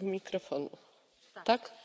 vážená pani